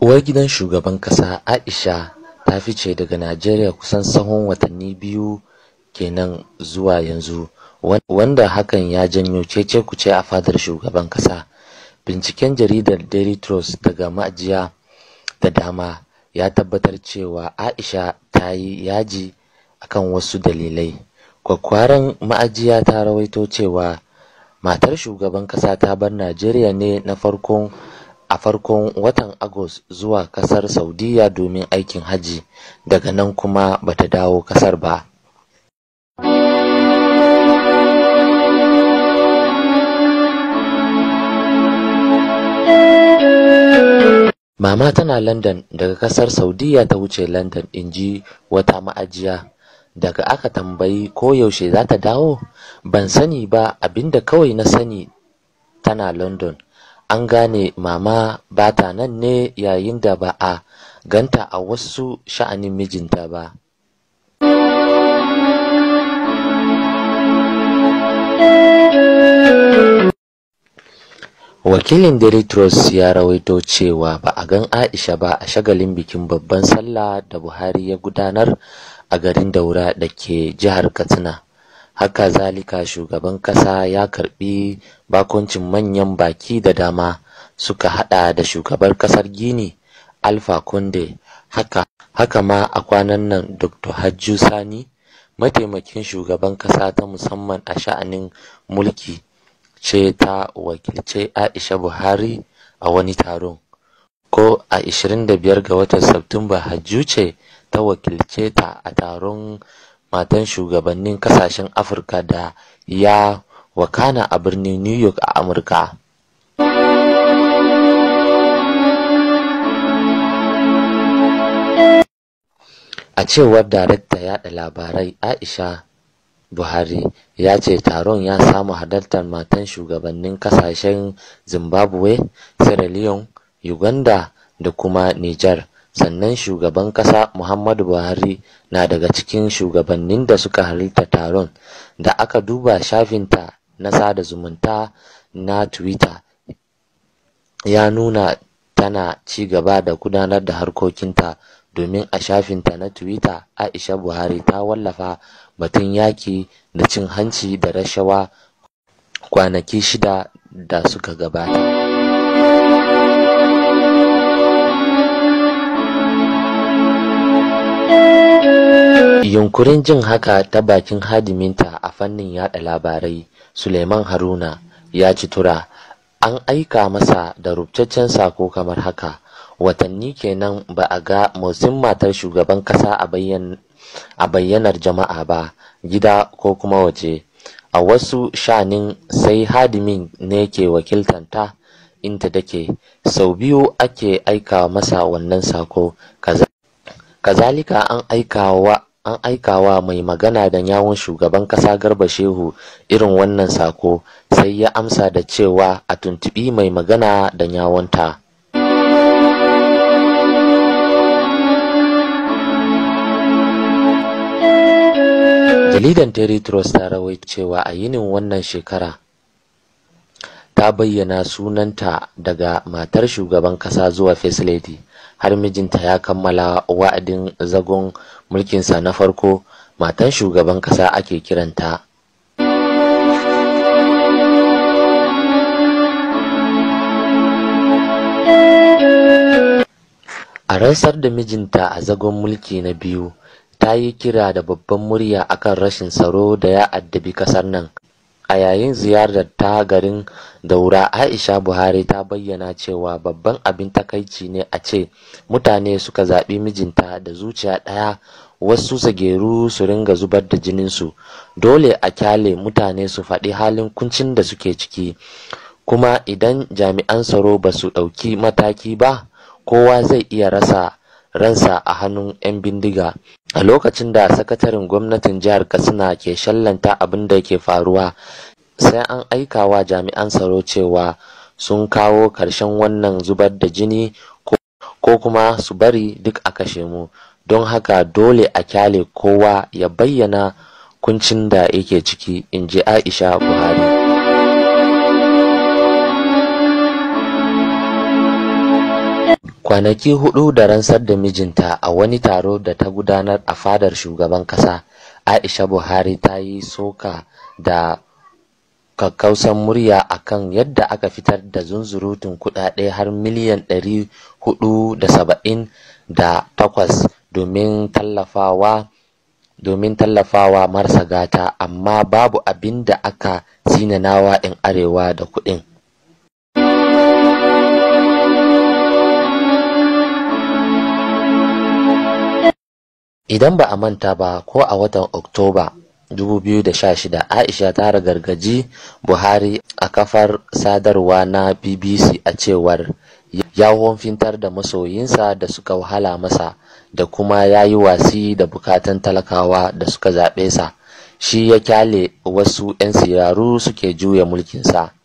Uwar gidan shugaban ƙasa Aisha ta fice daga Najeriya kusan tsawon watanni biyu kenan zuwa yanzu, wanda hakan ya janyo cece-kuce a fadar shugaban ƙasa. Binciken jaridar Daily Trust daga ma'ajiya da dama ya tabbatar cewa Aisha ta yi yaji akan wasu dalilai. Kwakkwaran ma'ajiya ta rawaito cewa matar shugaban ƙasa ta bar Najeriya ne na farkon a farkon watan Agus zuwa kasar Saudiya domin aikin hajji daga nan kuma bata dawo kasar ba. Mama tana London daga kasar Saudiya ta wuce London ji wata ma'ajiya daga aka tambayi ko yaushe za ta dawo ban sani ba abinda kawai na sani tana London an gane mama ba ta nan ne yayin da ba a ganta a wasu sha'anin mijinta ba. Wakilin Deritros ya rawaito cewa ba a gan Aisha ba a shagalin bikin babban sallah da Buhari ya gudanar a garin Daura da ke jihar Katsina. Haka zalika shugaban ƙasa ya karɓi bakuncin manyan baki da dama suka haɗa da shugabar ƙasar Gini alfa kunde haka haka ma a kwanan nan Dr. Hajju Sani mataimakin shugaban ƙasa ta musamman a sha'anin mulki ce ta wakilce Aisha Buhari a wani taron. Ko a 25 ga watan Satumba Hajju ce ta wakilce ta a taron matan shugabannin kasashen Afirka da ya wakana a birnin New York a Amurka. A cewar darakta yaɗa labarai Aisha Buhari ya ce taron ya samu halartar matan shugabannin kasashen Zimbabwe, Sierra Leone, Uganda da kuma Nijar. sannan shugaban ƙasa muhammadu buhari na daga cikin shugabannin da suka halitta taron da aka duba shafinta na sada zumunta na twitter ya nuna tana ci gaba da gudanar da harkokinta domin a shafinta na twitter aisha buhari ta wallafa batun yaki da cin hanci da rashawa kwanaki shida da suka gabata Yunkurin jin haka ta bakin hadiminta a fannin yada labarai Suleiman Haruna ya ci tura an aika masa da rubtaccen sako kamar haka watanni kenan ba a ga motsin matar shugaban kasa a bayyanar jama'a ba gida ko kuma waje a wasu shanin sai hadimin ne ke wakiltanta inta take sau biyu ake aika masa wannan sako kaza Kazalika an aikawa an aikawa mai magana da yawun shugaban ƙasa Garba Shehu irin wannan sako sai ya amsa da cewa a tuntubi mai magana da yawonta Jalidan Daily ta rawaito cewa a yinin wannan shekara ta bayyana sunanta daga matar shugaban kasa zuwa first lady har mijinta ya kammala wa'adin zagon mulkinsa na farko matan shugaban kasa ake kiranta a ransar da mijinta a zagon mulki na biyu ta yi kira da babban murya akan rashin tsaro da ya addabi kasar nan a yayin ziyarar ta garin daura aisha buhari ta bayyana cewa babban abin takaici ne a ce mutane suka zaɓi mijinta da zuciya ɗaya wasu zageru su ringa zubar da jininsu dole a kyale mutane su faɗi halin kuncin da suke ciki kuma idan jami'an tsaro ba su ɗauki mataki ba kowa zai iya rasa ransa a hannun 'yan bindiga a lokacin da sakataren gwamnatin jihar katsina ke shallanta abin da ke faruwa sai an aika wa jami'an tsaro cewa sun kawo karshen wannan zubar da jini ko kuma su bari duk a kashe mu don haka dole a kyale kowa ya bayyana kuncin da yake ciki in ji aisha buhari Kwanaki hudu da ransar da mijinta a wani taro da ta gudanar a fadar Shugaban ƙasa, Aisha Buhari ta yi soka da kakkausan murya a kan yadda aka fitar da zunzurutun kuɗaɗe har miliyan ɗari huɗu takwas domin tallafawa domin marasa gata amma babu abin da aka zinanawa nawa'in arewa da kuɗin. idan ba a manta ba ko a watan oktoba 2016 aisha ta gargaji buhari a kafar sadarwa na bbc a cewar ya fintar da masoyinsa da suka wahala masa da kuma ya yi wasi da bukatan talakawa da suka zaɓe sa shi ya kyale wasu 'yan siraru suke juya mulkinsa